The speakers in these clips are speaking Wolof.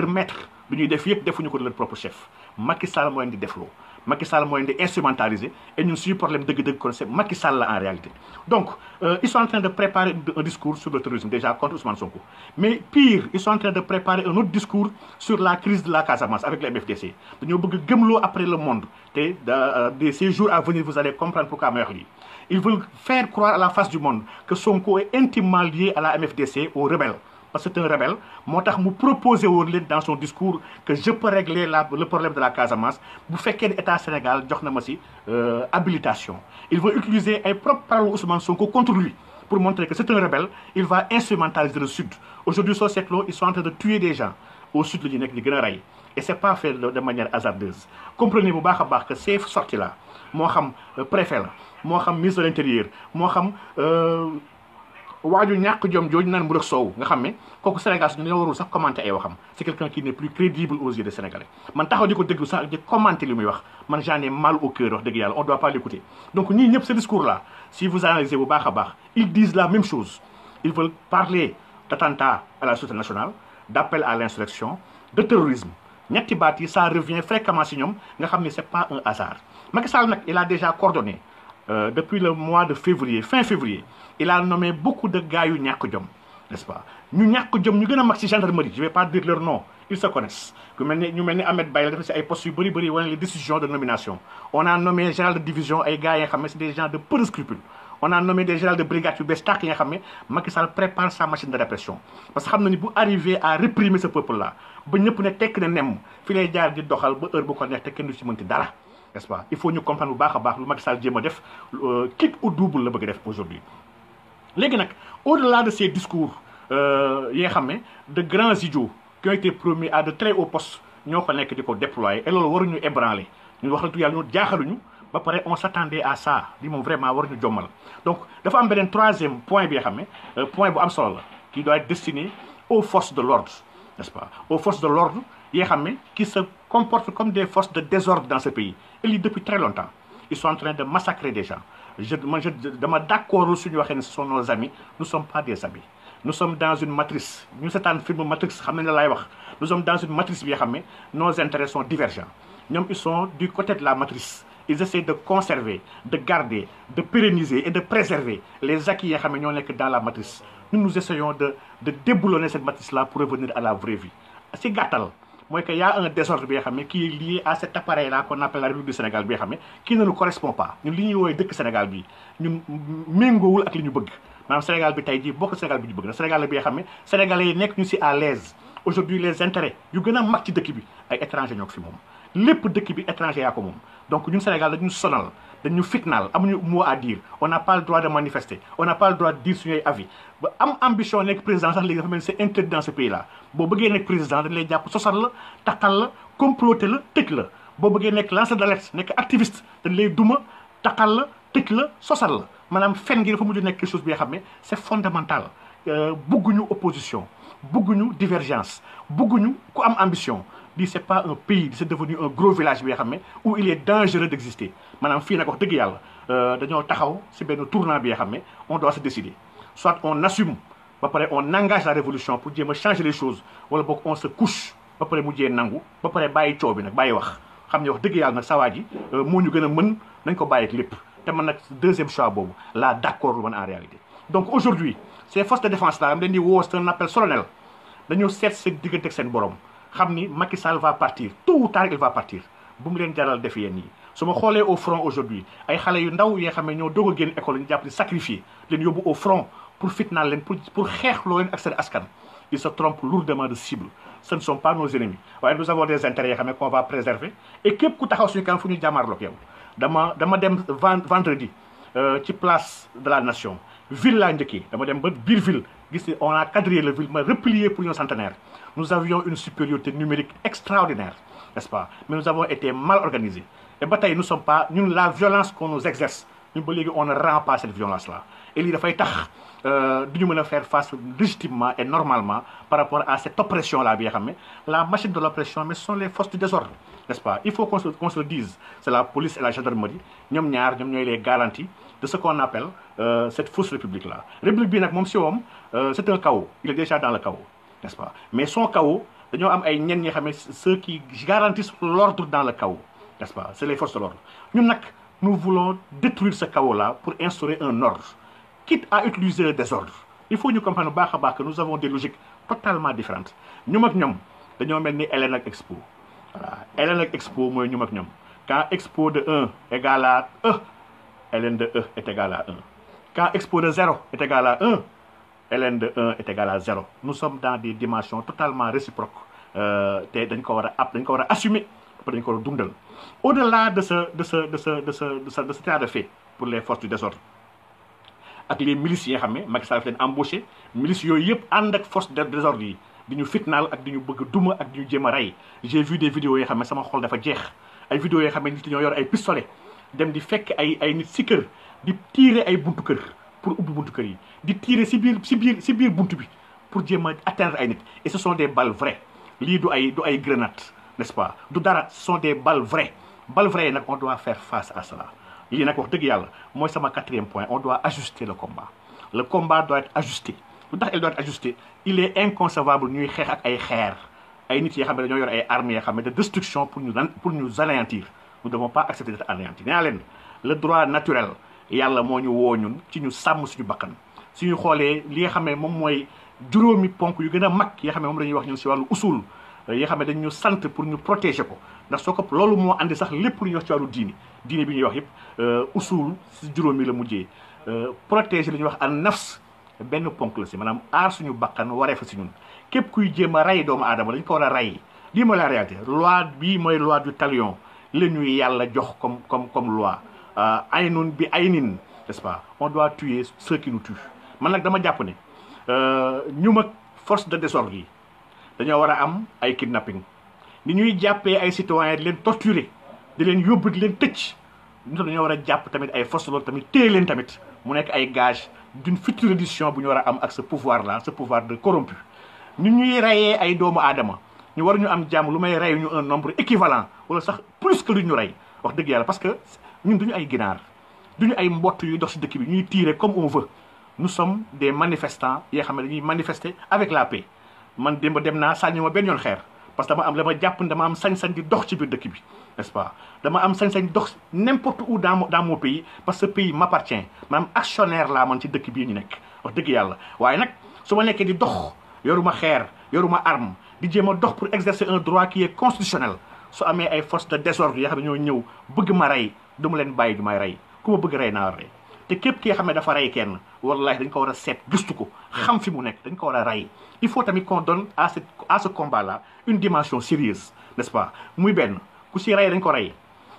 leur maître lu ñuy def yëpp defuñu leur propre chef Macky Sall moo leen di defloo Macky Sall di instrumentaliser et nous suñu problème dëgg-dëgg kon c'est Macky Sall la en réalité. donc euh, ils sont en train de préparer un discours sur le tourisme déjà contre Ousmane Sonko mais pire ils sont en train de préparer un autre discours sur la crise de la Casamance avec la MFDC nous bëgg gëmloo après le monde te euh, de ces jours à venir vous allez comprendre pourquoi ma ils veulent faire croire à la face du monde que Sonko est intimement lié à la MFDC aux rebelles parce que c'est un rebelle Motax vous proposé dans son discours que je peux régler le problème de la Casamance Vous faites qu'un état Sénégal jox na euh, habilitation il veut utiliser un propre parole Ousmane Sonko contre lui pour montrer que c'est un rebelle il va instrumentaliser le sud aujourd'hui ces seetloo ils sont en train de tuer des gens au sud de l'île de di et et c'est pas fait de manière hasardeuse comprenez vous baax que ces sorties là moo xam euh, préfet ministre de l'intérieur moo euh, waaju ñak jom jooju naan bu rek soow nga xamé ne Sénégal ñu warul sax commenter ay waxam c'est quelqu'un qui n'est plus crédible aux yeux des Sénégalais man taxaw diko ko déglu sax di commenter li muy wax man j'en ai mal au cœur wax deug yalla on doit pas l'écouter donc ñi ñep ce discours là si vous analysez bu baax baax ils disent la même chose ils veulent parler d'attentat à la société nationale d'appel à l'insurrection de terrorisme ñetti baat yi ça revient fréquemment ci ñom nga xam c'est pas un hasard Macky Sall nag il a déjà coordonné euh, depuis le mois de février, fin février, il a nommé beaucoup de gars qui n'est-ce pas ñu ñàkk jom ñu gën a gendarmerie je vais pas dire leur nom ils se connaissent ku Ahmed Baye dafa ay postes les décisions de nomination on a nommé général de division ay gars yi des gens de peu de scrupules on a nommé des généraux de brigade des prépare sa machine de répression parce que xam na à réprimer ce peuple là ba ne na n'est-ce pas il faut ñu comprendre bu baax le baax lu Macky Sall jéem def euh, kit ou double le bëgg def aujourd'hui léegi au-delà de ces discours euh, yi nga xam de grands idiots qui ont été promis à de très hauts postes nous ko nekk di déployer et loolu waruñu ébranler ñu Nous la tu yàlla ñu jaaxaluñu ba pare on s'attendait à ça li moom vraiment waruñu jommal donc dafa am un troisième point bi nga xam euh, point bu am solo la qui doit être destiné aux forces de l'ordre n'est-ce pas aux forces de l'ordre yi nga xam qui se qu'on comme des forces de désordre dans ce pays. Ils depuis très longtemps. Ils sont en train de massacrer des gens. Je, moi, je demande d'accord ce sont nos amis. Nous ne sommes pas des amis. Nous sommes dans une matrice. Nous sommes dans une matrice. Nous sommes dans une matrice. Nos intérêts sont divergents. ils sont du côté de la matrice. Ils essaient de conserver, de garder, de pérenniser et de préserver les acquis qui dans la matrice. Nous, nous essayons de, de déboulonner cette matrice-là pour revenir à la vraie vie. C'est gâtal moi que y a un désordre bi nga xam qui est lié à cet appareil là qu'on appelle la République du Sénégal bi nga xam qui ne nous correspond pas ñun li ñuy woowee dëkk Sénégal bi ñun méngoowul ak li ñu bëgg le Sénégal bi tey jii bokk Sénégal bi ñu bëgg na Sénégal bi nga xam ne sénégalais yi nekk ñu si à l'aise aujourd'hui les intérêts yu gën a mag ci dëkk bi ay étranger ñoo ko fi moom lépp dëkk bi étranger yaa ko donc ñun Sénégal dañu sonal nous fitnal, amuñu mot à dire on n'a pas le droit de manifester on n'a pas le droit de dire son avis am ambition nekk président sax léegi c'est interdit dans ce pays là boo bëggee nekk président dañ lay social, sosal la comploté, la comploter la tëj la boo lanceur d'alerte nekk activiste dañ lay douma, taxal la vous la sosal la maanaam gi dafa quelque chose bi nga c'est fondamental euh, bugguñu opposition nous divergence beaucoup nous am ambition ce c'est pas un pays c'est devenu un gros village où il est dangereux d'exister Madame Fina, nag wax dëgg yàlla c'est euh, taxaw ci tournant bi on doit se décider soit on assume ba on engage la révolution pour dire, me changer les choses ou on se couche ba pare mujjee nangu ba pare bàyyi coow bi nag bàyyi wax xam ne wax dëgg yàlla nag sawaa ji euh, moo ñu nañ ko deuxième choix Là, La d'accord en réalité donc aujourd'hui ces forces de défense là am c'est un appel solennel Nous avons seen diggante ak seen xamni Macky Sall va partir Tout ou tard il va partir bu mu leen jaral def yéen yi suma xolé au front aujourd'hui ay xalé yu ndaw yi xamé ñoo doog a école ñu japp di sacrifier len yobu au front pour fitna len pour pour xeex loo leen ak seen askan ils se trompent lourdement de cible ce ne sont pas nos ennemis waaye nous avons des intérêts xamé qu'on va préserver et képp ku taxaw suñu kan fu ñu jàmmaarloog yow dama dama dem vendredi euh, ci place de la nation ville laa njëkkee dama dem ba bir ville gis on a quadrillé la ville ma replié pour ñoo centenaire nous avions une supériorité numérique extraordinaire, n'est-ce pas Mais nous avons été mal organisés. Et bataille, nous ne sommes pas, nous, la violence qu'on nous exerce, nous, on ne rend pas cette violence-là. Et il euh, a fallu nous faire face légitimement et normalement par rapport à cette oppression-là. La machine de l'oppression, mais ce sont les forces du désordre, n'est-ce pas Il faut qu'on se, le dise. C'est la police et la gendarmerie. Nous sommes les garanties de ce qu'on appelle euh, cette fausse république-là. République, euh, c'est un chaos. Il est déjà dans le chaos n'est-ce pas mais son chaos nous am ay gens ceux qui garantissent l'ordre dans le chaos n'est-ce pas c'est les forces de l'ordre ñun nous voulons détruire ce chaos là pour instaurer un ordre quitte à utiliser le désordre il faut ñu comprendre que nous avons des logiques totalement différentes Nous, ak ñoom dañoo mel ni ak Expo voilà Expo nous ñum ak quand Expo de 1 égale à E LN de E est égal à 1 quand Expo de 0 est égal à 1 ln de 1 est égal à 0 nous sommes dans des dimensions totalement réciproques euh, te dañ ko war a dañ assumer au delà de ce de ce de ce de ce de ce état de fait pour les forces du désordre avec les milices yi nga Macky Sall leen embauché milices miliciens, yëpp ànd ak force désordre yi di ñu fitnaal ak di ñu bëgg duma ak j'ai vu des vidéos ça m'a ne sama xol Des vidéos yoo xam ne nit ñoo yor ay pistolet dem di fekk ay ay nit si di tiire ay buntu pour ouvrir tirer pour dire atteindre ay et ce sont des balles vraies Ce du ay du n'est-ce pas du dara ce sont des balles vraies balles vraies on doit faire face à cela C'est nag wax moi c'est sama quatrième point on doit ajuster le combat le combat doit être ajusté il doit être il est inconcevable Nous nous ak ay de destruction pour nous pour anéantir nous ne devons pas accepter d'être anéantis le droit naturel yàlla moo ñu woo ñun ci ñu sàmm suñu bakkan suñu xoolee li nga xam ne moom mooy juróomi ponk yu gën a mag yi nga xam ne moom dañuy wax ñun si wàllu usul yi nga xam ne dañ ñu sant pour ñu protéger ko ndax soo ko loolu moo andi sax lépp lu ñuy wax ci wàllu diini diini bi ñu wax yëpp euh, usul si juróomi la mujjee euh, protéger li ñuy wax an nafs benn ponk la si maanaam aar suñu bakkan waree fa si ñun képp kuy jéem a rey doomu aadama dañ ko war a rey lii mooy la réalité ñuy yàlla jox comme comme comme loi Euh, aynun bi aynin n'est-ce pas on doit tuer ceux qui nous tuent man nak dama japp ne euh, ñu mag force de désordre yi dañu wara am ay kidnapping ni ñuy jappé ay citoyens di leen torturer di leen yóbbu di leen tëcc ñun dañoo war a tamit ay force loolu tamit téy leen tamit mu nek ay gage d'une future édition bu ñu wara am ak ce pouvoir là ce pouvoir de corrompu ni ñuy rayé ay doomu adama ñu war ñu am jamm lu may ray ñu un nombre équivalent wala sax plus que lu ñu ray wax dëgg yàlla parce que ñun duñu ay ginaar duñu ay mbott yuy dox si dëkk bi ñuy tirer comme on veut nous sommes des manifestants yoo xam ne dañuy manifester avec la paix man démb dem na sànni ma benn xër parce que dama am dama jàpp ne dama am sañ-sañ di dox ci biir dëkk bi n'est-ce pas dama am sañ-sañ dox n'importe où dans dans mon pays parce que pays m'appartient maanaam actionnaire la man ci dëkk bi ñu nekk wax dëgg yalla waaye nak suma ma di dox yoruma xeer yoruma arme di jema dox pour exercer un droit qui est constitutionnel su amé ay force de désordre yi xam ñoo ñëw bëgg ma ray du ma leen bàyyi du may rey ku bëgg rey naa rey te képp ki nga xam ne dafa rey kenn wallahi dañ ko war a seet gëstu ko xam fi mu nekk dañ ko war a rey il faut tamit qu'on donne à à ce combat là une dimension sérieuse n'est-ce benn ku si rey dañ ko rey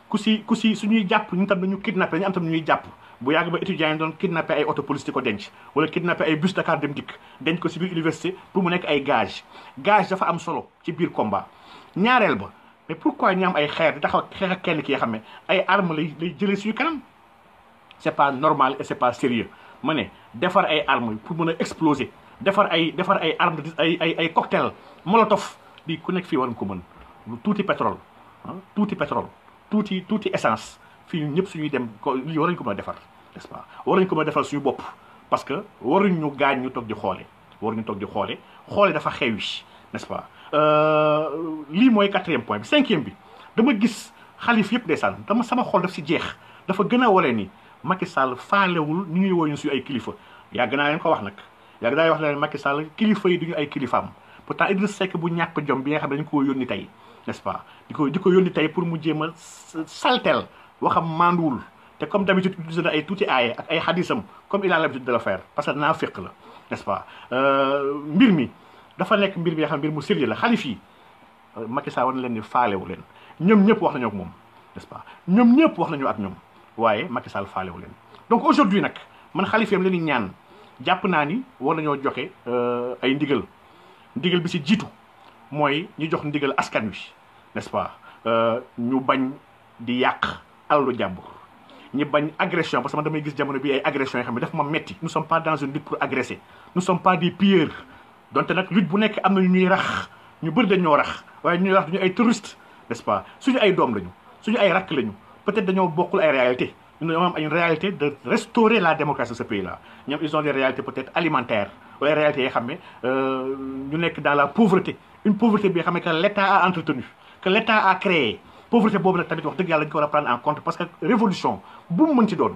ku si ku si suñuy jàpp ñu tam dañu kidnappé dañu am tam ñuy jàpp bu yàgg ba étudiants yi doon kidnappé ay auto police di ko denc wala kidnappé ay bus Dakar dem dikk denc ko si biir université pour mu nekk ay gage gaz dafa am solo ci biir komba ñaareel ba mais pourquoi ñi am ay xeer di taxaw xeex ak kenn ki nga xam ay armes lay lay jëlee suñu kanam c'est pas normal et c'est pas sérieux mané défar ay armes pour mën exploser défar ay défar ay armes ay ay ay cocktail molotov di ku nek fi war ko mën tuuti pétrole hein tuuti pétrole tuuti tuuti essence fi ñëpp suñu dem lii war ko mëna défar n'est-ce pas war ko mëna défar suñu bop parce que waruñu gañ ñu tok di xoole waruñu tok di xolé xolé dafa xewi n'est-ce pas Euh, lii mooy quatrième point bi cinquième bi dama gis xalif yëpp ndeysaan dama sama xool daf si jeex dafa gën a wane ni Macky Sall faalewul ñu ñuy woñu suñu ay kilifa yàgg naa leen ko wax nag yàgg naa wax leen Macky Sall kilifa yi duñu ay kilifaam pourtant Idriss Seck bu ñàkk jom bi nga xam ne dañu ko yónni tey n'est-ce pas di ko di ko yónni tey pour mu jéem a saltel waxam manduwul te comme d'habitude utilisé na ay tuuti aaye ak ay xadisam comme il a l'habitude de le faire parce que naa féq la n'est-ce pas euh, mbir mi dafa nek mbir bi nga xam mbir mu sirri la khalifi Macky Sall war len leen ni faalewu len ñom ñëpp wax nañu ak mom n'est-ce pas ñom ñëpp wax nañu ak ñom waye Macky Sall faalewu len donc aujourd'hui nak man xalif len ni ñaan japp na ni war nañoo joxe euh, ay ndigal ndigal bi ci jitu moy ñu jox ndigal askan wi n'est-ce pas euh, ñu bañ di yaq allu jàmbur ñi bañ agression parce que man damay gis jamono bi ay agression xam ne ma metti nous sommes pas dans une lutte pour agresser nous sommes pas des pilleurs donte nak lutte bu nek am na ñuy rax ñu bëri dañ les rax ñuy rax duñu ay touriste n'est-ce pas suñu ay dom lañu suñu ay rak lañu peut-être dañu bokkul ay réalité ñu dañoo am une réalité de restaurer la démocratie de ce pays là ñam ils ont des réalités peut-être alimentaires des réalités yoo xam ne euh, ñu dans la pauvreté une pauvreté bi xamé que l'État a entretenu que l'État a créé pauvreté bobu nak tamit wax deug yalla ñu ko prendre en compte parce que révolution bu mu mën ci doon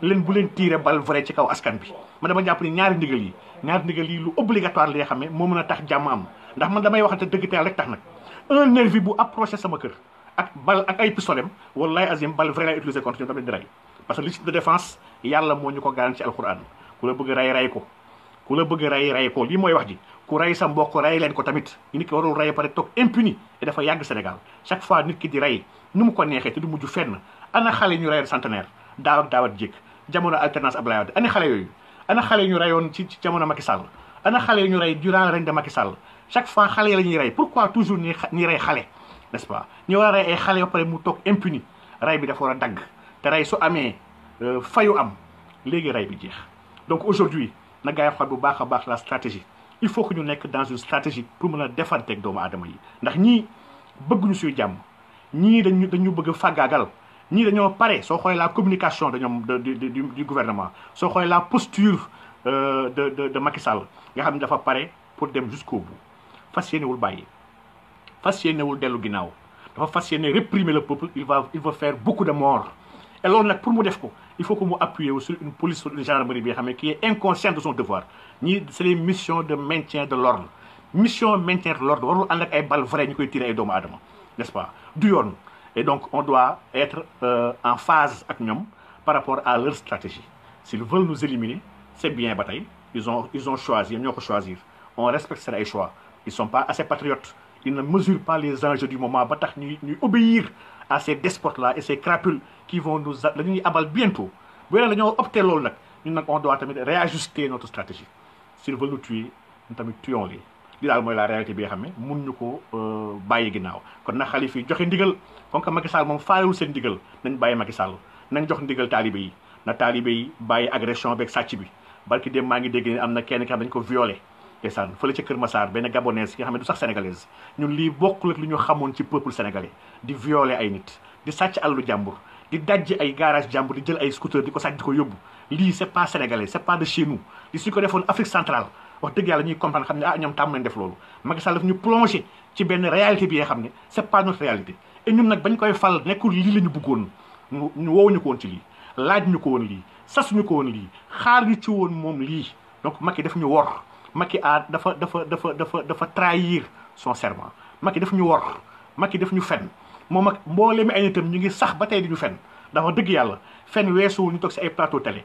leen bu leen tirer bal vrai ci kaw askan bi ma dama puni ni ñaari ndigal yi ñaari ndigal yi lu obligatoire li nga xam ne moo tax jamm am ndax man damay waxante deug teel rek tax nak un nervi bu approcher sama kër ak bal ak ay pistolem wallahi azim bal vrai la utiliser contre ñu tamit di rey parce que liste de défense yalla mo ñuko garantie alcorane alquran ku la bëgg ray ray ko ku la bëgg ray ray ko li moy wax ji ku ray sa mbokk ray leen ko tamit nit ki warul ray paré tok impuni et dafa yag sénégal chaque fois nit ki di ray numu ko nexé te du muju fenn ana xalé ñu ray centenaire daaw ak daawat jamono alternance Abdoulaye Wade ana xale yooyu ana xale yu ñu reyoon ci jamono Macky Sall ana xale yu ñu rey durant règne de Sall chaque fois xale yi la ñuy rey pourquoi toujours ñuy ñuy rey xale n'est-ce ñu war a rey ay xale ba pare mu toog impuni rey bi dafa war a dagg te rey su amee euh, fayu am léegi rey bi jeex donc aujourd'hui na gaa yi xool bu baax a baax la stratégie il faut que ñu nekk dans une stratégie pour mën a defanteeg doomu aadama yi ndax ñii bëgguñu suy jàmm ñii dañu dañu bëgg fàggaagal ñii dañoo paré soo xoolee la communication de du du gouvernement soo xoolee la posture euh, de de de Macky Sall nga xam dafa paré pour dem jusqu'au bout fas wul bàyyi fas wul dellu ginnaaw dafa fas yéene réprimer le peuple il va il va faire beaucoup de morts et loolu pour mu def ko il faut que mu appuyer sur une police sur une gendarmerie bi nga qui est inconsciente de son devoir ni c'est les missions de maintien de l'ordre mission maintien de l'ordre warul ànd ak ay balles vraies ñu koy tiré ay doomu aadama n'est-ce pas du yoon. Et donc, on doit être euh, en phase avec nous par rapport à leur stratégie. S'ils veulent nous éliminer, c'est bien bataille. Ils ont, choisi, ils ont choisi. On respecte ces choix. Ils ne sont pas assez patriotes. Ils ne mesurent pas les enjeux du moment. Ils nous obéir à ces despotes-là et ces crapules qui vont nous abattre bientôt. On doit réajuster notre stratégie. S'ils veulent nous tuer, nous tuons-les. li daal mooy la réalité bi nga xam ne mun ñu ko euh, bàyyi ginnaaw kon na xalif yi joxe ndigal comme que Macky Sall moom faalewul seen ndigal nañ bàyyi Macky saal nañ jox ndigal taalibe yi na taalibe yi bàyyi agression beeg sàcc bi barki dem maa ngi dégg ne am na kenn ki xam dañu ko violé ndeysaan fële ca Kër Massar benn gabonaise yi nga xam ne du sax sénégalaise ñun lii bokkul ak li ñu xamoon ci peuple sénégalais di violé ay nit di sàcc àllu jàmbur di dajj ay garage jàmbur di jël ay scooter di ko sàcc ko yóbbu lii c'est ko defoon Afrique centrale wax dëgg yàlla ñuy comprendre xam ah, ñoom tàmm nañ def loolu Macky Sall daf ñu plongé ci benn réalité bi nga xam ne c' est pas notre réalité et ñun nag bañ koy fal nekkul lii la ñu bëggoon ñu woowuñu ko woon ci lii laaj ñu ko woon lii sasuñu ko woon lii xaar ñu ci woon moom lii donc Macky daf ñu wor Macky a ah, dafa dafa dafa dafa dafa trahir son serment Macky def ñu wor Macky def ñu fen moom ak mboolemi ay nitam ñu ngi sax ba tey di ñu fen dafa dëgg yàlla fen weesuwul ñu toog si ay plateau télé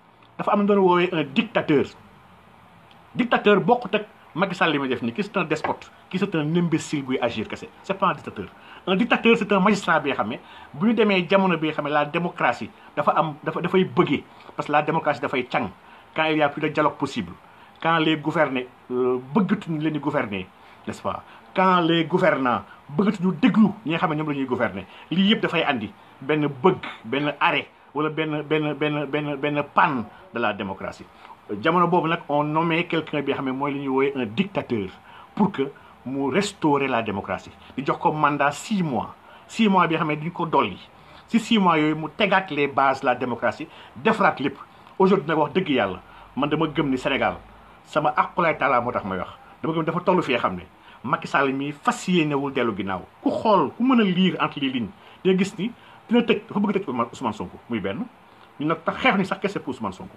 dafa am doon woowee un dictateur dictateur bokkut ak Macky Sall li ma def nii ki c'est un despote ki c'est un imbécile buy agir kese c'est pas un dictateur un dictateur c'est un magistrat bi nga xam ne bu ñu demee jamono bi nga xam ne la démocratie dafa am dafa dafay bëggee parce que la démocratie dafay càng quand il y a plus de dialogue possible quand les gouvernés euh, bëggatuñu leen di gouverner n'est-ce pas quand les gouvernant gouvernants ñu déglu ñi nga xam ne ñoom la ñuy gouverner lii yëpp dafay andi benn bëgg benn arrêt ou ben ben panne de la démocratie jamono boobu on nommé quelqu'un qui un dictateur pour que nous restaurer la démocratie di jox ko mandat six mois six mois bi si six mois nous avons les bases la démocratie defaraat aujourd'hui nous wax dëgg un man dama Sénégal sama ma taala moo may wax dama gëm dafa toll fee un peu de Sall mii fas yéenewul un lire entre les lignes dina tëj dafa bëgg tëj Ousmane Sonko muy benn ñu nag xeex ñu sax kese pour Ousmane Sonko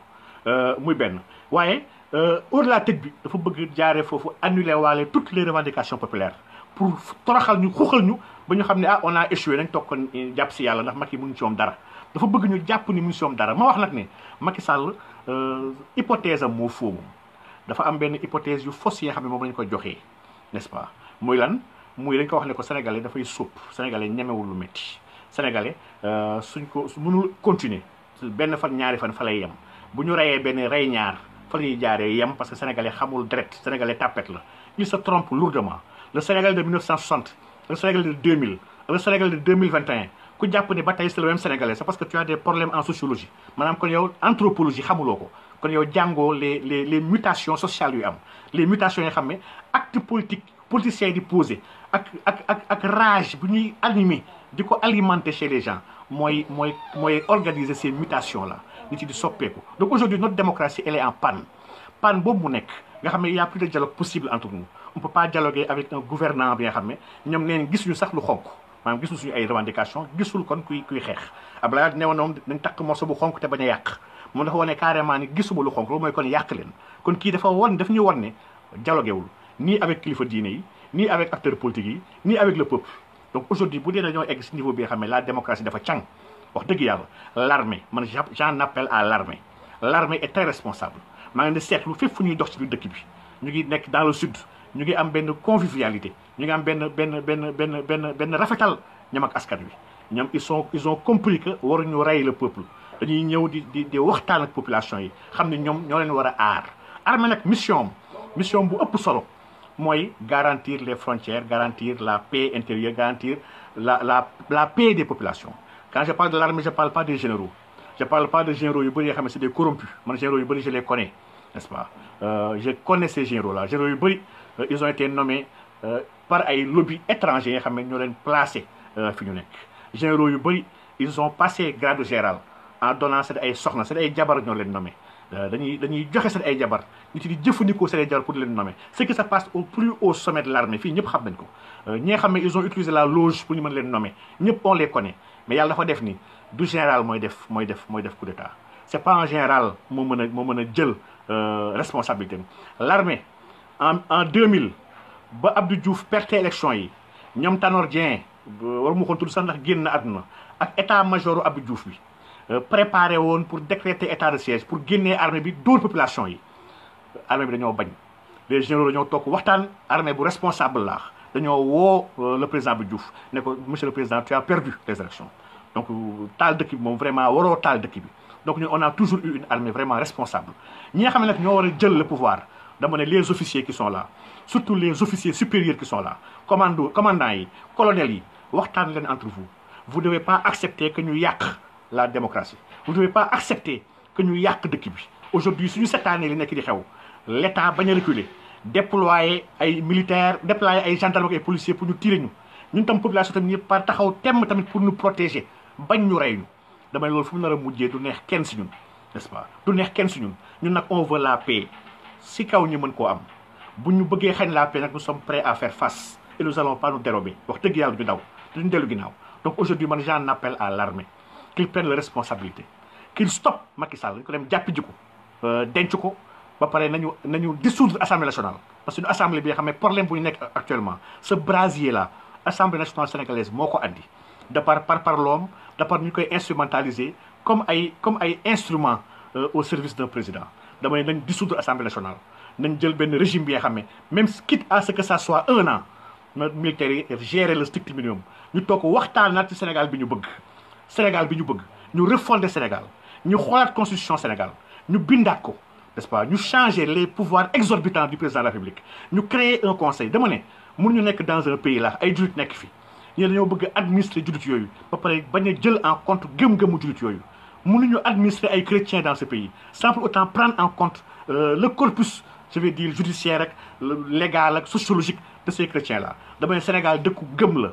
euh, muy benn waaye euh, au-delà tëj bi dafa bëgg jaaree foofu annuler waale toutes les revendications populaires pour toroxal ñu xuuxal ñu ba ñu xam ne ah on a échoué toog kon eh, jàpp si yàlla ndax Macky mu ngi ci moom dara dafa bëgg ñu jàpp ni mu ngi moom dara ma wax nag ne Macky sàll euh, hypothèse am moo foo moom dafa am benn hypothèse yu fausse yee nga xam ne moom lañ ko joxee n'est-ce pas muy lan muy dañ ko wax ne ko sénégale dafay sóob sénégale ñemewul lu métti sénégalais euh, suñ ko mënul continuer benn fan ñaari fan fa lay yem bu ñu reyee benn rey ñaar fa la ñuy yam parce que sénégalais xamul direct sénégalais tapette la il se trompe lourdement le sénégal de 1960 le sénégal de 2000 le sénégal de 2021 ku japp ni ba bataille c'est le même sénégalais c'est parce que tu as des problèmes en sociologie maanaam kon yow anthropologie xamuloko kon yow jango les les les mutations sociales yu am les mutations yi xamé acte politique politicien di poser ak ak ak rage bu ñuy animé alimenter chez les gens organiser ces mutations là donc aujourd'hui notre démocratie elle est en panne panne il a plus de dialogue possible entre nous on peut pas dialoguer avec un gouvernant bi nous avons sax lu xonk suñu ay kon kuy kuy dañ morceau bu xonk dafa carrément ni lu xonk kon kon dafa daf ñu Ni avec ni avec acteurs politiques ni avec le peuple donc aujourd'hui bu dee dañoo egg si niveau bi nga la démocratie dafa càng wax dëgg yàlla l'armée man j'en appelle à l'armée l'armée est très responsable maa ngi ne seetlu fépp fu ñuy dox ci biir dëkk bi ñu ngi nekk dans le sud ñu ngi am benn convivialité ñu ngi am benn benn benn benn benn benn rafetal ñoom ak askan wi ñoom ils sont ils ont compris que waruñu rey le peuple dañuy ñëw di di di waxtaan ak population yi xam ne ñoom ñoo leen war a aar armée nag mission am mission bu ëpp solo moi, garantir les frontières garantir la paix intérieure garantir la la la paix des populations. quand je parle de l'armée je ne parle pas des généraux je ne parle pas des généraux c'est des corrompus Mon généraux je les connais n'est-ce pas euh, je connais ces généraux là généraux euh, ils ont été nommés euh, par un lobby étrangers qui nous ont placé fi généraux ils ont passé grade général en donnant cette ay soxna seen ay jabar nous nommé. Euh, dañuy dañuy joxe seen ay jabar ñu di jëfandikoo seen ay jabar pour di leen nommer ce qui ça passe au plus haut sommet de l'armée fi ñëpp xam nañ ko euh, ñi xamé ils ont utilisé la loge pour ñu mën leen nommer ñëpp on les connaît mais yalla dafa def ni du général moy def moy def moy def coup d'état c'est pas en général mo mën mo moo jël euh, responsabilité l'armée en en 2000 ba Abdou Diouf perte élection yi ñom Tanor Dieng waru ma ko tudd sax ndax génn àdduna ak état major Abdou Diouf bi euh, préparé vous pour décréter état de siège pour génnee l'armée de la population L'armée, armée bi les généraux ont dit waxtaan armée bu responsable ont dañoo woo euh, le président bi monsieur le président tu as perdu les élections donc tal de qui vraiment waroo taal de donc on a toujours eu une armée vraiment responsable ñi avons xam ñoo le pouvoir dama les officiers qui sont là surtout les officiers supérieurs qui sont là commando commandants colonel, colonels entre vous vous devez pas accepter que ñu yàq la démocratie. Vous ne devez pas accepter que nous y de qui. Aujourd'hui, si nous cette année, l'État a reculé, déployer les militaires, déployer les gendarmes et les policiers pour nous tirer. Nous, nous sommes population qui par pour nous protéger, pour nous réunir. Demain, nous devons nous mouiller, nous n'avons nous sommes n'est-ce pas Nous n'avons suñu ñun Nous on veut la paix. Si nous avons ko am, si nous voulons la paix, nous sommes prêts à faire face et nous allons pas nous dérober. Nous ñu nous dérober. Donc aujourd'hui, j'en appelle à l'armée qu'ils prennent leurs responsabilité qu'ils stoppent Macky Sall ko dem jàppi ji ko euh, denc ko ba dissoudre assemblée nationale parce que l'Assemblée, assemblée bi problème bu ñu actuellement ce brasier là l'Assemblée nationale sénégalaise c'est ce andi de par par par l'homme de par ñu koy instrumentaliser comme ay comme ay instrument euh, au service d'un président dama ne dissoudre assemblée nationale nañ jël benn régime bi même quitte à ce que ça soit un an notre militaire gère le strict minimum ñu toog waxtaan naat ci Sénégal bi ñu bëgg Sénégal nous ñu le Sénégal, nous Sénégal la constitution Sénégal ñu n'est-ce pas ñu changer les pouvoirs exorbitants du président de la République Nous créer un conseil dama ne ñu dans un pays là ay dans nekk fi bëgg administrer jël en compte administrer ay chrétiens dans ce pays sans autant prendre en compte euh, le corpus je veux dire judiciaire légal sociologique de ces chrétiens là dama Sénégal gëm la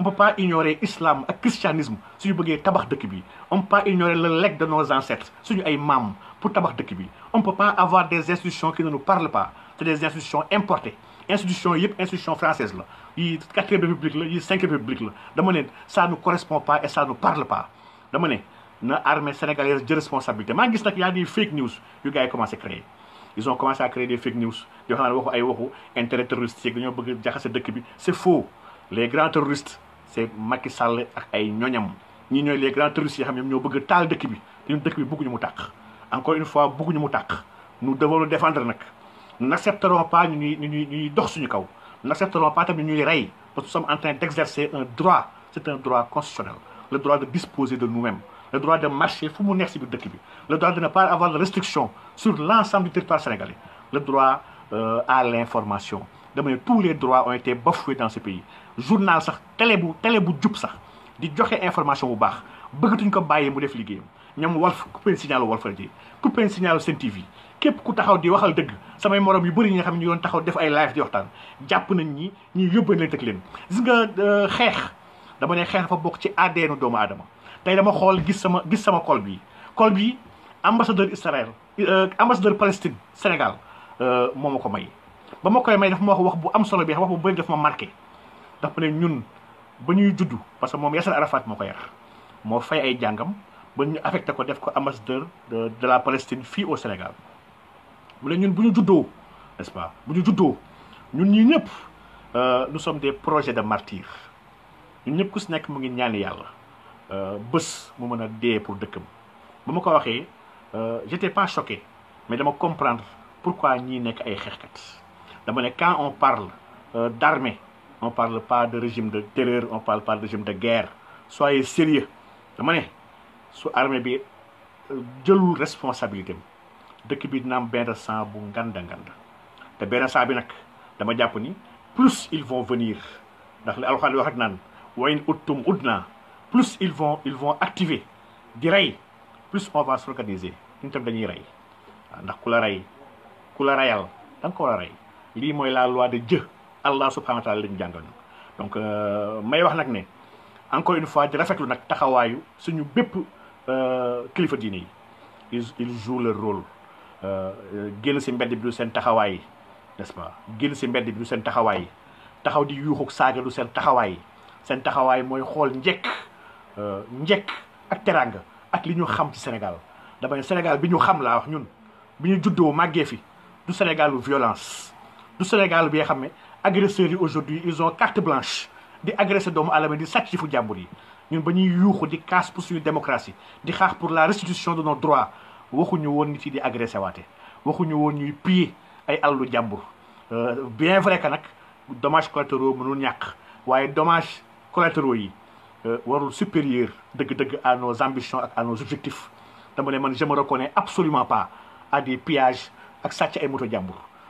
on ne peut pas ignorer et le christianisme suñu bëggee tabac de bi on ne peut pas ignorer le legs de nos ancêtres si nous ay l'imam pour tabac de bi on peut pas avoir des institutions qui ne nous parlent pas c'est des institutions importées Institutions, yëpp institutions françaises la 4 quatrième république il y a la dama ne ça ne correspond pas et ça ne nous parle pas dama ne na armée sénégalaise de responsabilité maa qu'il y a des fake news les gars ont commencé créer ils ont commencé à créer des fake news Ils ont commencé à ay des intérêt terroriste c'est faux les grands terroristes c'est Macky Sall ak ay ñoñam ñi les grands terroristes qui xam ne ñoo bëgg taal dëkk bi ñu dëkk bi mu encore une fois beaucoup mu tak nous devons le défendre nous n'accepterons pas ñu ñu ñu dox suñu kaw nous n'accepterons pas de nous ñuy parce que nous sommes en train d'exercer un droit c'est un droit constitutionnel le droit de disposer de nous-mêmes le droit de marcher fu mu neex le droit de ne pas avoir de restriction sur l'ensemble du territoire sénégalais le droit euh, à l'information dama ne tous les droits ont été bafoués dans ce pays journal sax télé bu télé bu djup sax di joxe information bu baax beugatuñ ko bàyyi mu def liggéeyam ñam Walf couper signal Walfadjri couper signal Sen TV képp ku taxaw di waxal deug samay morom yu bari ñi xam ñu yon taxaw def ay live di waxtan japp nañ ñi ñi yóbbu leen teg leen gis nga euh, xex dama ne xeex dafa bokk ci ADN doomu adama tay dama xol gis sama gis sama col bi col bi ambassadeur Israël euh, ambassadeur Palestine Sénégal euh, moo ma may ba ma koy may daf ma wax wax bu am solo bi wax bëri daf ma marqué daf ma ne ñun ba ñuy juddu parce que moom Yasser Arafat moo ko yar moo fay ay jàngam ba ñu affecté ko def ko ambassadeur de de la Palestine fii au Sénégal mu ne ñun bu ñu juddoo n'est-ce pas bu ñu juddoo ñun ñii ñëpp euh, nous sommes des projets de martyrs ñun ñëpp ku si nekk mu ngi ñaan yàlla euh, bës mu mën a dee pour dëkkam ba ma ko waxee euh, j'étais pas choqué mais dama comprendre pourquoi ñii nekk ay xeexkat dama ne quand on parle euh, d'armée on parle pas de régime de terreur on parle pas de régime de guerre soyez sérieux dama ne su armée bi euh, jëlul responsabilité am dëkk bi dina am benn sang bu nganda nganda te benn sang bi nag dama jàpp ni plus ils vont venir ndax li alxuraan wax ak naan wayn uttum udna plus ils vont ils vont activer direi plus on va s'organiser ñun tam dañuy rey waaw ndax ku la rey ku la ko war a lii mooy la loi de Dieu Allah subhanahu wa taala lañu jàngal donc euh, may wax nag ne encore une fois di rafetlu nag taxawaayu suñu bépp euh, kilifa diine yi il joue euh, génn si mbedd bi du seen taxawaay yi n'est-ce génn si mbedd bi du seen taxawaay yi taxaw di yuuxu saajalu seen taxawaay yi seen taxawaay mooy xool njekk njekk ak teranga ak li ñu xam ci Sénégal damay Sénégal bi ñu xam laa wax ñun bi ñu juddoo màggee fi du Sénégalu violence du Sénégal bi nga agresseurs aujourd'hui ils ont carte blanche di agresser doomu alama di satchi fu jambour yi ñun bañuy yuuxu di casse pour suñu démocratie di xaar pour la restitution de nos droits ñu won nit yi di waté waxu ñu won ñuy piller ay àllu jàmbur euh, bien vrai que nak dommages collatéraux mënul ñak waaye dommages collatéraux yi euh, warul supérieur deug deug à nos ambitions ak à nos objectifs dama ne man je me reconnais absolument pas à des pillages ak sàcc ay moto jambour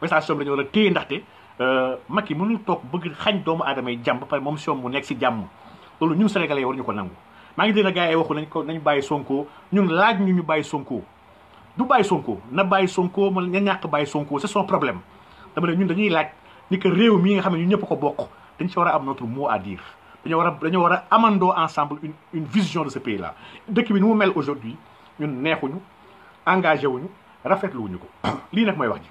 message soom la ñu ndaxte euh makki ndaxte Macky mënul toog bëgg xañ doomu adamay jamm jàmm ba mom moom soom mu nekk ci jamm loolu ñun sénégalais yi war ñu ko nangu ma ngi dina gaay yi waxu nañ ko nañ baye sonko ñun laaj ñu ñu baye sonko du baye sonko na baye sonko ma na ñak baye sonko c'est son problème dama ne ñun dañuy laaj ni que réew mi nga xam ne ñu ñëpp ko bokk dañ ci war am notre mot à dire dañu wara dañu wara amando ensemble une une vision de ce pays là dëkk bi ni mel aujourd'hui ñun neexuñu engagé wuñu rafetlu wuñu ko li nak moy wax ji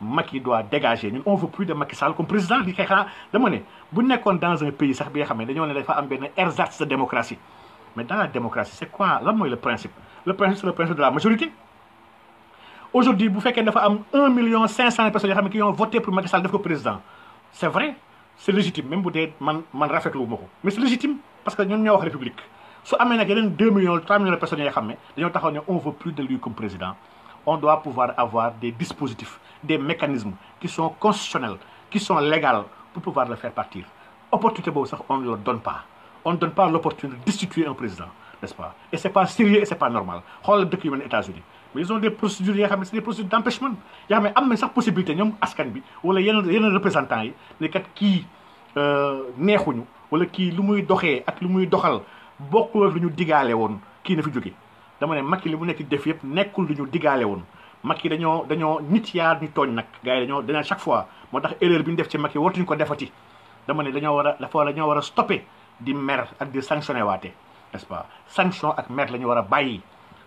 Macky doit dégager on on veut plus de Macky Sall comme président si on est dans un pays sax bi nga xam ne dañoo dafa ersatz de démocratie mais dans la démocratie c'est quoi Là le principe le principe c'est le principe de la majorité aujourd'hui bu faites dafa am un million cinq personnes qui ont voté pour Macky Sall comme président c'est vrai c'est légitime même bu dee man man rafetlu mais c'est légitime parce que ñun sommes en république si on a 2 deux millions trois millions de personnes qui ont voté pour taxaw ne veut plus de lui comme président on doit pouvoir avoir des dispositifs des mécanismes qui sont constitutionnels, qui sont légaux pour pouvoir le faire partir. Opportunité, on ne le donne pas. On ne donne pas l'opportunité de destituer un président, n'est-ce pas Et ce n'est pas sérieux et ce n'est pas normal. Regarde le document des États-Unis. Mais ils ont des procédures, c'est des procédures d'empêchement. Il y a même cette possibilité, ou il y a des représentants qui euh, neexuñu wala kii lu muy qui, ak lu muy doxal bokku lu ñu digaale woon kii na fi jóge dama ne Macky li mu nekk def yépp nekkul lu ñu digaale Macky dañoo dañoo nit yaar ñu tooñ nag gars yi chaque fois motax erreur bi def ci Macky wartuñu ko defati dama ne dañoo wara a fo la a dañoo di mer ak di sanctionné waté n'est-ce pas sanction ak mer lañu wara bayyi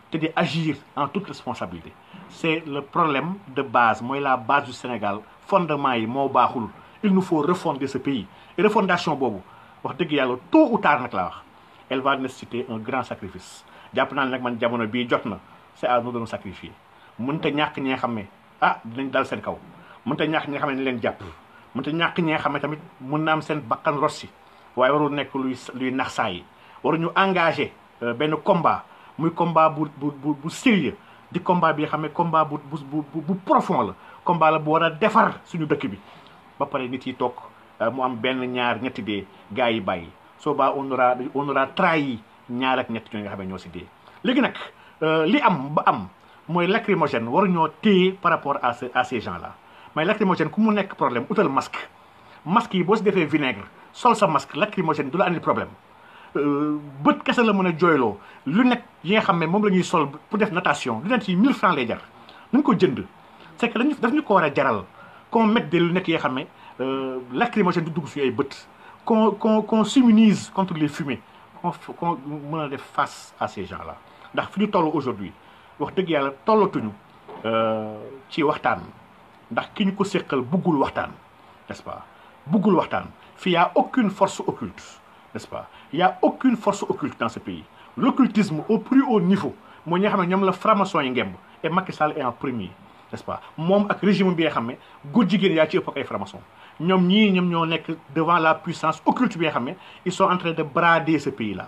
té di agir en toute responsabilité c'est le problème de base moy la base du Sénégal fondement yi mo baxul il nous faut refonder ce pays et refondation bobu wax deug yalla tôt ou tard nak la wax elle va nécessiter un grand sacrifice japp naa nak man jamono bi jotna c'est à nous de nous sacrifier mënta ñàkk ñi nga ah dinañ dal seen kaw mënta ñàkk ñi nga xam ne leen jàpp mënta ñàkk ñi nga tamit mën na am seen bakkan rossi waaye warul nekk luy luy nax saa yi waruñu engagé euh, benn combat muy combat bu bu bu bu sérieux di combat bi nga combat bu bu bu profond la combat la bu war a defar suñu dëkk bi ba pare nit yi toog euh, mu am benn ñaar ñetti dee gars yi bàyyi soo baa on aura on aura trahi ñaar ak ñett ñoo nga ñoo si dee léegi nag euh, li am ba am mooy lacrymogène waruñoo téye par rapport à ce à ces gens là mais lacrymogène ku mu nek problème outal masque masque yi bo si défé vinaigre sol sa masque lacrymogène du la andi problème beut kese la mëna joylo lu nek yi nga xam mom lañuy sol pour def natation lunette ci 1000 francs lay jar nañ ko jënd c'est que dañu daf ñu ko wara jaral qu'on mette des lunettes yi nga xam euh, lacrymogène du dugg suñu ay qu'on qu'on qu'on s'immunise contre les fumées qu'on qu'on mën def face à ces gens là ndax fi aujourd'hui wax yalla yàlla euh ci waxtaan ndax kiñ ko séqal buggul waxtaan n'est-ce pas buggul waxtaan fi ya aucune force occulte n'est-ce pas il y a aucune force occulte dans ce pays l'occultisme au plus haut niveau mo ñi nga xam ne ñoom la franc-maçon yi ngemb et Macky Sall est en premier n'est-ce pas mom ak régime bi nga xam ne góor jigéen ci ëpp ay franc-maçon ñoom ñii ñoom ñoo nekk devant la puissance occulte bi nga xam ils sont en train de brader ce pays là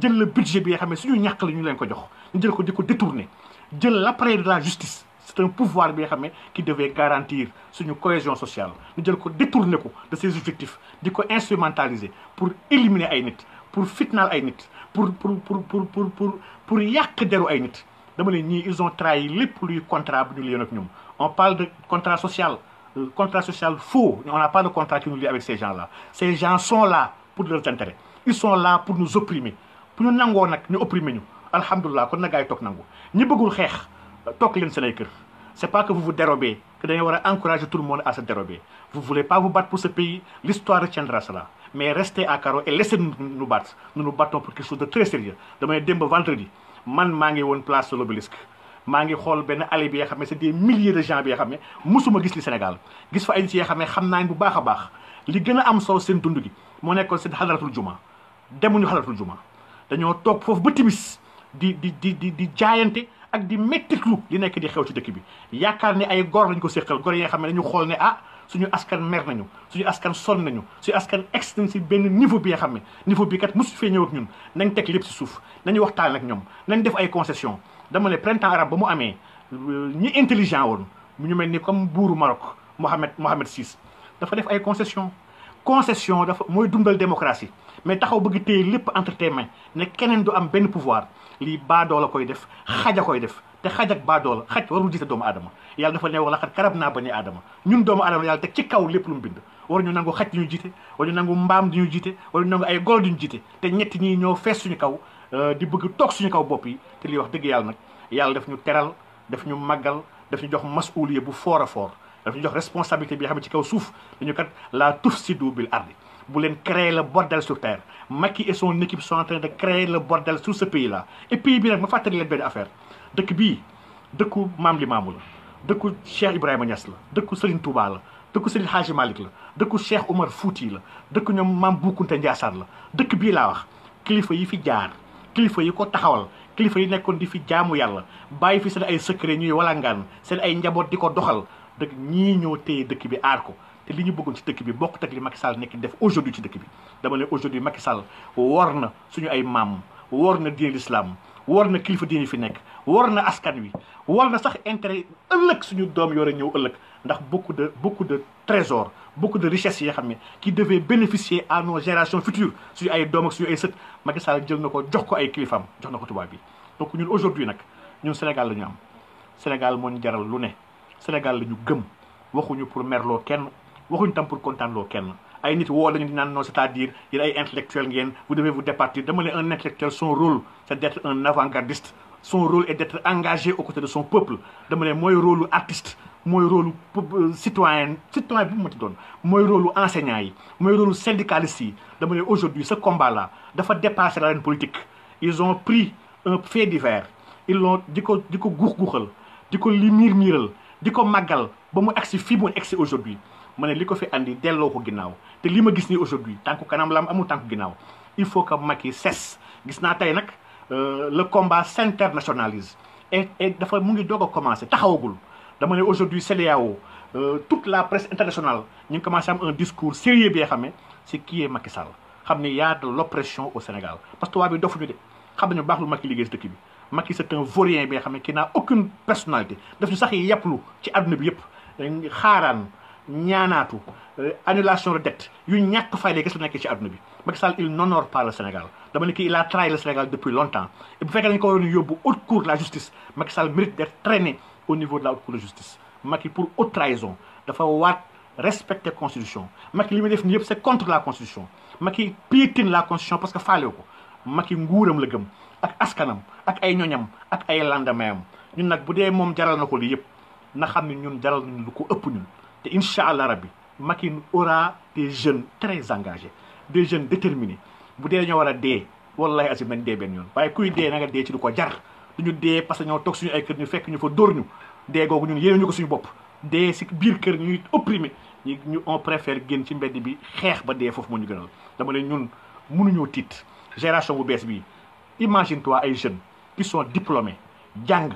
jël le budget bi nga suñu ñu leen ko jox ñu ko l'appareil de la justice c'est un pouvoir bi qui devait garantir suñu cohésion sociale ñu jël ko de ses objectifs instrumentalisé instrumentaliser pour éliminer ay pour fitnal ay nit pour pour pour pour pour pour pour ay dama ils ont trahi les plus contrat bu on parle de contrat social euh, contrat social faux on n'a pas de contrat qui nous lie avec ces gens là ces gens sont là pour leurs intérêts ils sont là pour nous opprimer nous nangoo nak ñu opprimé ñu alhamdulilah kon na Nous tok toog ñi bëggul xex tok leen seen ay kër c'est pas que vous vous dérobez que dañoo war encourager tout le monde à se dérober vous voulez pas vous battre pour ce pays l'histoire retiendra cela mais restez à carreau et laissez-nous nous battre nous nous battons pour quelque chose de très sérieux demain démb vendredi man ma ngi won place de l'obélisque ma ngi xol ben allée bi nga c'est des milliers de gens bi nga xam musuma gis li Sénégal gis fa ay nit je xam ne bu baaxa baax li gëna am solo seen gi mo seen hadratul juma ñu hadratul juma dañoo toog foofu ba timis di di di di di jaayante ak di méttitlu li nekk di xew ci dëkk bi yaakaar ni ay gor lañ ko séqal gor yi xam ne dañu xool ne ah suñu askan mer nañu suñu askan sol nañu suñu askan ex nañ si benn niveau bi nga xam ne niveau bi kat mosu fee ñëw ñun nañ teg lépp ci suuf nañu waxtaan ak ñoom nañ def ay concession dama ne printemps arabe ba mu amee euh, ñi intelligent woon mu ñu mel ni comme buuru Maroc Mohamed Mohamed VI dafa def ay concession concession dafa mooy dundal démocratie mais taxaw bëgg téye lépp entre tes ne keneen du am benn pouvoir lii baadoo la koy def xaja koy def te xaj ak baadoo la xaj warul jiite doomu aadama yàlla dafa ne wax la xat karab naa bani aadama ñun doomu aadama yàlla teg ci kaw lépp lu mu bind waru ñu nangu xaj di ñu jiite waru ñu nangu mbaam di ñu jiite waru ñu nangu ay golo di ñu jiite te ñetti ñii ñoo fees suñu kaw euh, di bëgg toog suñu kaw bopp yi te lii wax dëgg yàlla nag yàlla daf ñu teral daf ñu màggal daf ñu jox masuuliye bu foor a foor daf ñu jox responsabilité bi xam ci kaw suuf dañu kat la tufsidu bil ardi vous voulez créer le bordel sur terre. Macky et son équipe sont en train de créer le bordel sur ce pays-là. Et puis bi nag ma fàttali leen affaire De Kibi, de Maam Limaamu la dëkku Cheikh Ibrahima Niass la dëkku Serigne Touba la dëkku Serigne Hadji Malick la dëkku Cheikh Omar Fouti la dëkku ñoom Maam Boukounta Ndiassane la dëkk bii laa wax kilifa yi fi jaar kilifa yi ko taxawal kilifa yi nekkoon di fi jaamu yàlla bàyyi fi ay secret ñuy walangaan c'est ay njaboot di doxal dëkk ñii ñoo téye dëkk bi te li ñu bëggoon ci dëkk bi bokkut ak li Macky Sall nekk def aujourd'hui ci dëkk bi dama ne aujourd'hui Macky Sall war na suñu ay maam war na diine l'islam war na kilifa diine fi nekk war na askan wi war na sax intérêt ëllëg suñu doom yore ñëw ëllëg ndax beaucoup de beaucoup de trésors beaucoup de richesses yi nga qui devait bénéficier à nos générations futures suñu ay doom ak suñu ay sët Macky Sall jël na jox ko ay kilfam, jox na ko bi donc ñun aujourd'hui nak ñun Sénégal la ñu am Sénégal moo jaral lu ne Sénégal la ñu gëm waxuñu pour merlo kenn waxuñ tam pour kontaanloo kenn ay nit woo dañu naan non c'est-à-dire yéen ay intellectuel ngeen vous devez vous départir dama ne un intellectuel son rôle c'est d'être un avant-gardiste son rôle est d'être engagé aux côtés de son peuple dama ne mooy rôle artiste mooy rôle euh, citoyen citoyen bi mu ci doon rôle enseignant yi rôle syndicaliste yi dama ne aujourd'hui ce combat là dafa dépasser la reine politique ils ont pris un fait divers ils l'ont di ko di ko guux guuxal di ko li miir miiral di ba mu aujourd'hui mané liko fi andi delloo ko ginnaaw te li ma gis ni aujourd'hui que kanam lam am amul tànku il faut que Macky cesse gis naa tey nag euh, le combat s'internationalise et et dafa mu ngi doog a taxawagul dama né aujourd'hui CEDEAO euh, toute la presse internationale ñu commencé am un discours sérieux bi xamé xam c'est qui est Macky Sall xamné ya y a de l'oppression au Sénégal parce que wa bi dofuñu de xam nañu baax lu Macky liggéey dëkk bi Macky c'est un vaurien bi nga xam qui n'a aucune personnalité daf ñu sax yàpplu ci aduna bi yëpp xaaraan ñaanaatu euh, annulation de dette yu ñàkk fayda gis la nekkee ci àdduna bi Macky Sall il n'honore pas le Sénégal dama ne kii il a trahi le Sénégal depuis longtemps et bu fekkee dañu ko waroon yóbbu haute cour de la justice Macky Sall mérite d'être traîné au niveau de la haute cour de justice Macky pour haute trahison dafa waat respecter constitution Macky li muy def nii yëpp c'est contre la constitution Macky piétine la constitution parce que faalew ko Macky nguuram la gëm ak askanam ak ay ñoñam ak ay landamayam ñun nag bu dee moom jaral na ko lii yëpp na xam ne ñun jaral nañu lu ko ëpp ñun te incha rabbi Macky aura des jeunes très engagés des jeunes déterminés bu dee dañoo war wallahi asim nañ dé ben yoon waaye kuy dé na nga dé ci lu ko jar duñu dé parce que ñoo toog suñu ay kër ñu fekk ñu fa dóor ñu dee googu ñun yéene ñuko suñu bop dé ci biir kër ñuy opprimé ñu ñu on préfère génn ci mbéd bi xeex ba dé fofu mo ñu gënal dama né ñun mënuñoo tit génération bu bees bi imagine toi ay jeunes qui sont diplômés jàng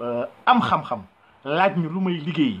euh, am xam-xam laaj ñu lu may liggéey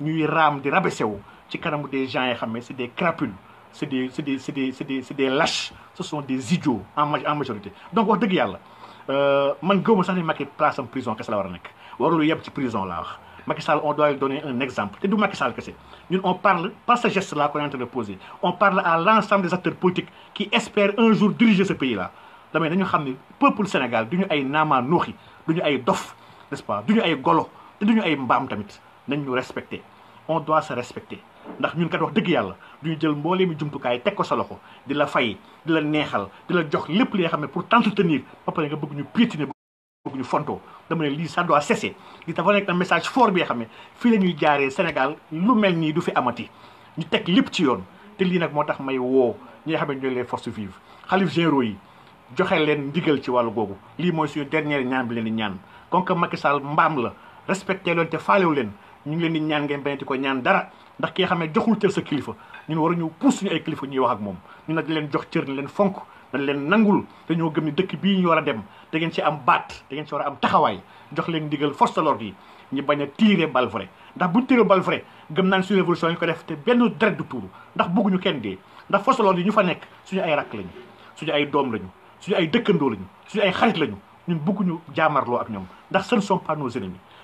Nous ram des rabaissé ci kanamu des gens yi sont c'est des crapules c'est des c'est des c'est des c'est des c'est des lâches ce sont des idiots en majorité donc wax sais pas euh, man je sax ni Macky place en prison kese la war a nekk warul ci prison laa wax Macky Sall on doit donner un exemple C'est du Macky Sall c'est ñun on parle pas ce geste là qu'on est en train de poser on parle à l'ensemble des acteurs politiques qui espèrent un jour diriger ce pays là nous dañu que le peuple Sénégal du sommes ay nama nooxi nous sommes ay dof n'est-ce pas du ay golo te du ay tamit nañ ñu respecté on doit se ndax ñun kat wax dëgg yàlla duñu jël mbooleemi jumtukaay teg ko sa loxo di la fay di la neexal di la jox lépp li xam ne pour t'entretenir ba pare nga bëgg ñu piétiner bëgg ñu fontoo dama ne lii ça doit cesser di dafa nekk message fort bi nga xam ne fii la ñuy jaaree Sénégal lu mel nii du fi amati ñu teg lépp ci yoon te lii nag moo tax may woo ñi nga xam ne ñooy les forces vives xalif généraux yi joxe leen ndigal ci wàllu googu lii mooy suñu dernière ñaan bi leen di ñaan kon que Macky mbaam la respecté leen te faalewu leen ñu ngi leen di ñaan ngeen bañati ko ñaan dara ndax ki nga xam ne joxul cër sa kilifa ñun waruñu pousse suñu ay kilifa ñuy wax ak moom ñun nag di leen jox cër ni leen fonk dañ leen nangul dañoo gëm ni dëkk bii ñu war a dem da ngeen am baat da ngeen ci am taxawaay jox leen ndigal force de ñu bañ a tirer balle vraie ndax buñ tirer balle vraie gëm naan suñu révolution yi ko def te benn deret du tuuru ndax bëgguñu kenn dee ndax force de yi ñu fa nekk suñu ay rakk lañu suñu ay doom lañu suñu ay dëkkandoo lañu suñu ay xarit lañu ñun bëgguñu jaamarloo ak ñoom ndax ce ne sont pas nos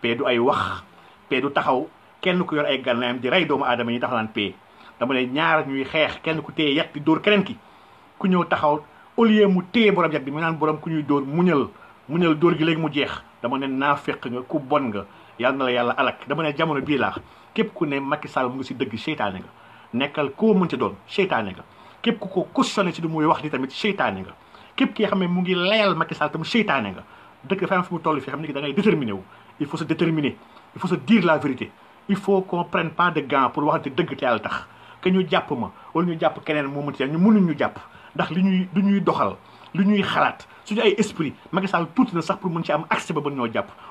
pee du ay wax pee du taxaw kenn ku yor ay gànnaayam di rey doomu aadama yi tax naan pee dama ne ñaar ñuy xeex kenn ku téye yat di dóor keneen ki ku ñëw taxaw au lieu mu téye borom yat bi mu naan borom ku ñuy dóor muñal muñal dóor gi léegi mu jeex dama ne naaféq nga ku bon nga yal na yàlla alak dama ne jamono bii laax képp ku ne Macky Sall mu ngi si dëgg seytaane nekkal koo mën ci doon seytaane nga képp ku ko questionné ci lu muy wax ni tamit seytaane nga képp ki xam ne mu ngi layal Macky Sall tam seytaane nga dëkk dafa am fi mu toll fi xam ne da ngay déterminé wu il faut se déterminer il faut se dire la vérité il faut qu'on prenne pas de gants pour voir des te tax que nous sommes ma wala ñu keneen sommes ñu ñu nous ndax li ñuy nous doxal li ñuy nous suñu ay esprit Macky Sall na sax pour ci am accès ba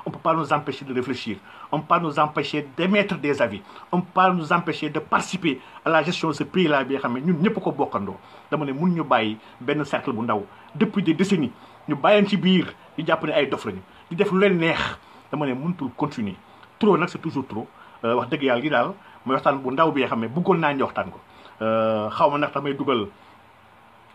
on peut pas nous empêcher de réfléchir on peut pas nous empêcher d'émettre des avis on peut pas nous empêcher de participer à la gestion de ce pays là bi ne ñun pas ko faire. dama ne nous ñu nous depuis des décennies ñu ne ay pas di dama ne muntul continuer trop nak c'est toujours trop euh, wax deug yalla gi dal moy waxtan bu ndaw bi nga xamé ne na ñu waxtan ko euh xawma nak tamay duggal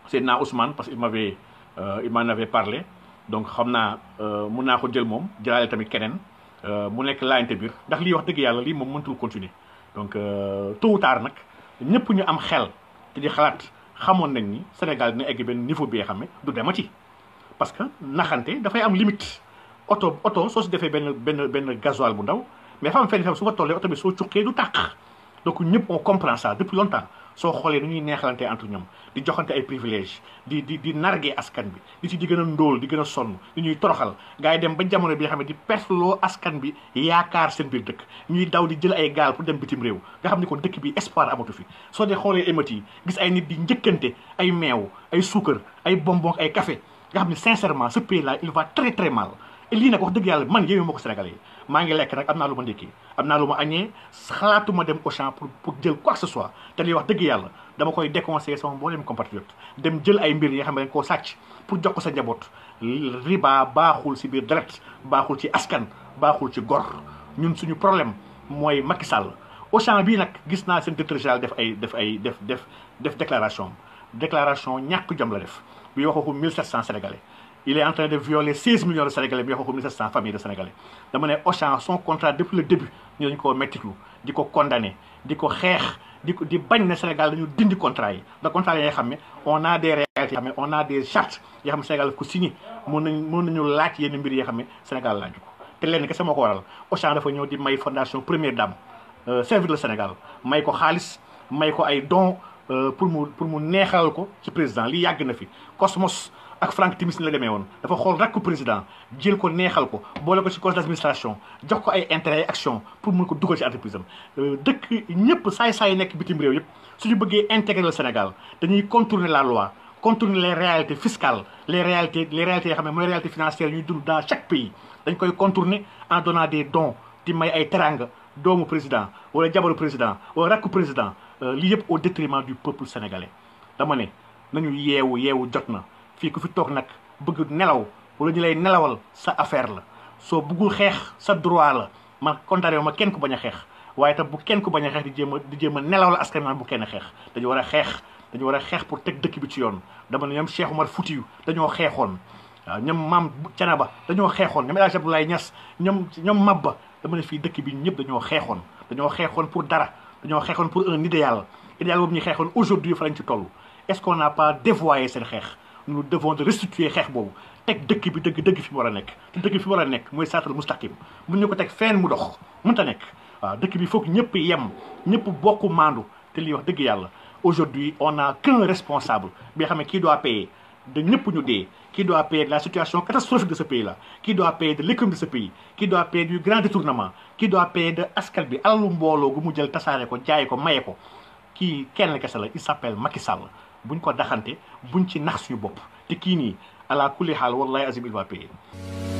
c'est na Ousmane parce qu'il m'avait euh il m'en avait parlé donc xamna euh, euh mu na ko jël mom jëlaale tamit kenen euh mu nek laajante biir ndax li wax deug yalla li mom muntul continuer donc euh, tôt ou tard nak ñepp ñu am xel te di xalat xamoon nañ ni Sénégal dina egg ben niveau bi nga xamé du dem ci parce que naxanté da fay am limite. auto auto so ci defee ben ben ben gasoil bu ndaw mais fam am fam su fa tollee oto bi soo cuqee du tak donc ñëpp on comprend ça depuis longtemps so xolé ñuy neexalante entre ñom di joxante ay privilèges di di di nargué askan bi di ci di gëna ndol di gëna son di ñuy toroxal gaay dem ba jamono bi nga di perteloo askan bi yaakar seen biir dëkk ñuy daw di jël ay gaal pour dem bitim réew nga xamni kon dëkk bi espoir amatu fi so dee xolé émeutes gis ay nit di ñëkënté ay méw ay sucre ay bonbon ay café nga xamni sincèrement ce pays là il va très très mal li nak wax deug yalla man yéeme ma ko sénégalais yi maa ngi lek nag amna luma ndiki amna luma agné xalatuma dem au champ pour pour djel quoi que ce soit té li wax deug yalla dama koy déconseiller sama mboolem compatriote dem djel ay mbir yi nga xam ne dañ koo pour jox sa riba baxul si bir direct baxul ci askan baxul ci gor ñun suñu problème moy Macky Sall champ bi nak gis na sen directeur def ay def ay def def def déclaration déclaration ñak jom la def bi wax 1700 sénégalais il est en train de violer 16 millions de Sénégalais bi ñoo ko ko 1700 familles de Sénégalais dama ne Auchan son contrat depuis le début ñu dañu koo méttitlu di condamné di ko xeex di ko di bañ ne Sénégal dañu dindi contrat yi da contrat yi nga on a des réalités on a des chartes yoo xam ne Sénégal ko signé mën nañ mën nañu laaj il mbir yoo xam Sénégal laaju ko te lenn kese moo ko waral Auchan dafa ñëw di may fondation première dame euh, servir le Sénégal may ko xaalis may ko ay dons euh, pour mon, pour mu neexal ko ci président li yag na fi Cosmos ak Franck Timis ni la demee woon dafa xool rakku président jël ko neexal ko bolé ko ci conseil d'administration jox ko ay intérêt ay action pour mun ko dugal ci entreprise am euh, dëkk ñëpp say saay nekk bitim réew yëpp suñu bëggé intégrer le Sénégal dañuy contourner la loi contourner les réalités fiscales les réalités les réalités yoo xam ne réalité financière ñuy dund dans chaque pays dañ koy contourner en donnant des dons di may ay teranga doomu président wala jabaru président wala rakku président euh, li yëpp au détriment du peuple sénégalais dama né nañu yeewu yeewu jotna fii ku fi toog nag bëgg nelaw wala ñu lay nelawal sa affaire la soo bëggul xeex sa droit la man contraire ma kenn ku bañ a xeex waaye tam bu kenn ku bañ a xeex di jéem a di jéem nelaw la askan bu kenn xeex dañu war a xeex dañu war a xeex pour teg dëkk bi ci yoon dama ne ñoom Cheikh Omar Foutiyu dañoo xeexoon waaw ñoom maam Canaba dañoo xeexoon ñoom El Hadj Abdoulaye Niass ñoom ñoom Mabba dama ne fii dëkk bi ñëpp dañoo xeexoon dañoo xeexoon pour dara dañoo xeexoon pour un idéal idéal boobu ñu xeexoon aujourd'hui fa lañ ci toll est-ce qu'on n'a seen xeex nous devons de restituer xeex boobu teg dëkk bi dëgg dëgg fi mu war a nekk te dëkk bi fi mu war a nekk mooy saatal mustaqim mun ñu ko teg fenn mu dox mun ta nekk waaw dëkk bi foog ñëpp yem ñëpp bokk maandu te li wax dëgg yàlla aujourd'hui on a qu'un responsable bi nga kii doit payer de ñëpp ñu dee qui doit payer de la situation catastrophique de ce pays là qui doit payer de l'économie de ce pays qui doit payer du grand détournement qui doit payer de askan bi alalu mbooloo gu mu jël tasaare ko jaay ko maye ko kii kenn kese la il s'appelle Macky Sall buñ ko daxante buñ ci nax suñu bopp te kii nii ala kulli xaal wallahi azim il va payer